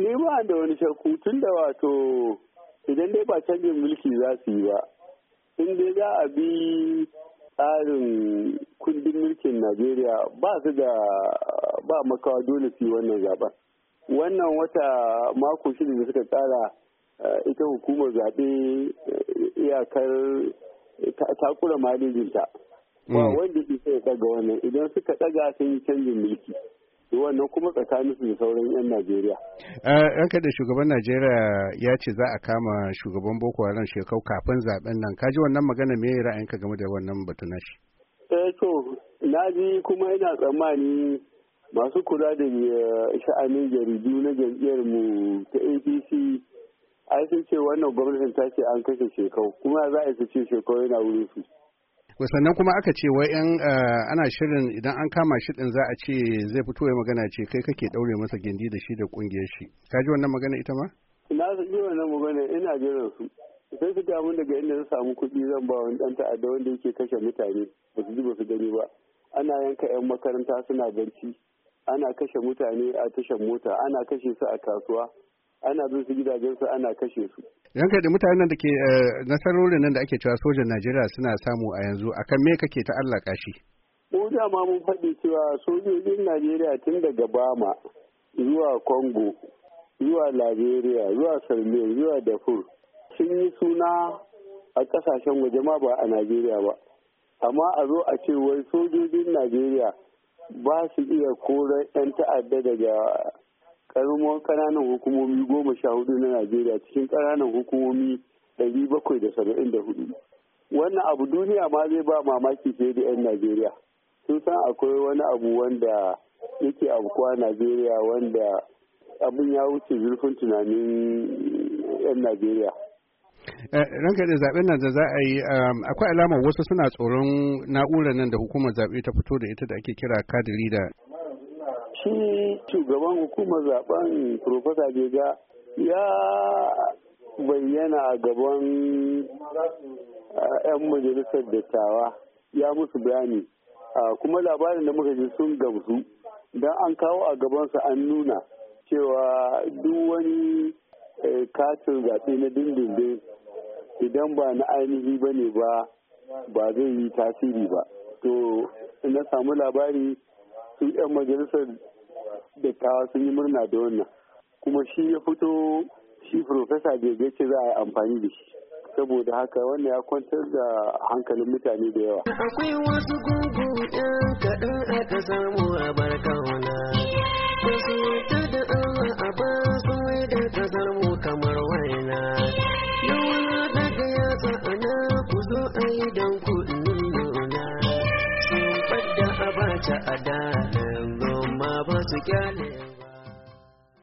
ni ba da wani shakku tun da wato idan dai ba canjin mulki za su yi ba in dai za a bi tsarin kundin mulkin najeriya ba su da ba makawa dole su yi wannan zaben wannan wata mako shida da suka tsara eh, ita hukumar zaɓe eh, iyakar eh, takura malijinta ba hmm. wanda ke sai ɗaga wannan idan suka ɗaga sun yi canjin mulki wannan kuma tsakanin su da sauran 'yan Najeriya. ɗan eh, da shugaban Najeriya ya ce za a kama shugaban Boko Haram shekau kafin zaɓen nan. Ka ji wannan magana me ra'ayinka game da wannan batu na shi? Eh to, na ji kuma ina tsammani masu kula da eh, sha'anin jaridu na jam'iyyar mu ta APC ai sun ce wannan gwamnatin ta ce an kashe shekau kuma za a ce shekau yana wurin su. sannan kuma aka ce wai yan eh, ana shirin idan an kama shi din za a ce zai fito ya magana ce kai kake daure masa gindi da shi da kungiyar shi ka ji wannan magana ita ma na ji wannan magana ina jiran su sai su damu daga inda na samu kuɗi zan ba wani dan ta'adda wanda yake kashe mutane ba su ji ba su gani ba ana yanka 'yan makaranta suna barci ana kashe mutane a tashar mota ana kashe su a kasuwa ana bin su gidajensu ana kashe su yanka da mutanen da ke eh, nasarorin nan da ake cewa sojan najeriya suna samu a yanzu akan me kake ta Allah shi mu dama mun faɗi cewa sojojin najeriya tun daga bama zuwa congo zuwa liberia zuwa sarmiyar zuwa dafur sun yi suna a ƙasashen waje ma ba a najeriya ba amma a zo a ce wai sojojin najeriya ba su iya koren 'yan ta'adda daga karamar kananan hukumomi goma sha hudu na najeriya cikin kananan hukumomi dari bakwai da saba'in da hudu wannan abu duniya ma zai ba mamaki fiye da 'yan najeriya sun san akwai wani abu wanda yake abukuwa najeriya wanda abin ya wuce zurfin tunanin 'yan najeriya eh, ranka da zaɓen nan da za a yi um, akwai alamar wasu suna tsoron na'urar nan da hukumar zaɓe ta fito da ita da ake kira kadiri da shi shugaban hukumar zaben profesa jega ya bayyana a gaban 'yan majalisar dattawa ya musu bayani kuma labarin da muka ji sun gamsu don an kawo a gabansa an nuna cewa duk wani e, katin zaɓe na dindindin idan ba na ainihi ba ne ba ba zai yi tasiri ba to na samu labari su 'yan majalisar dattawa sun yi murna da wannan kuma shi ya fito shi profesa bai ce za a yi amfani da shi saboda haka wannan ya kwantar da hankalin mutane da yawa akwai wasu gugu yan kaɗan aka samu a barkauna ba su da Allah a ba su da kasar mu kamar waina yawa daga yasa ana ku zo a yi don ku nuna sun fadda a bata a da amma ba su kyale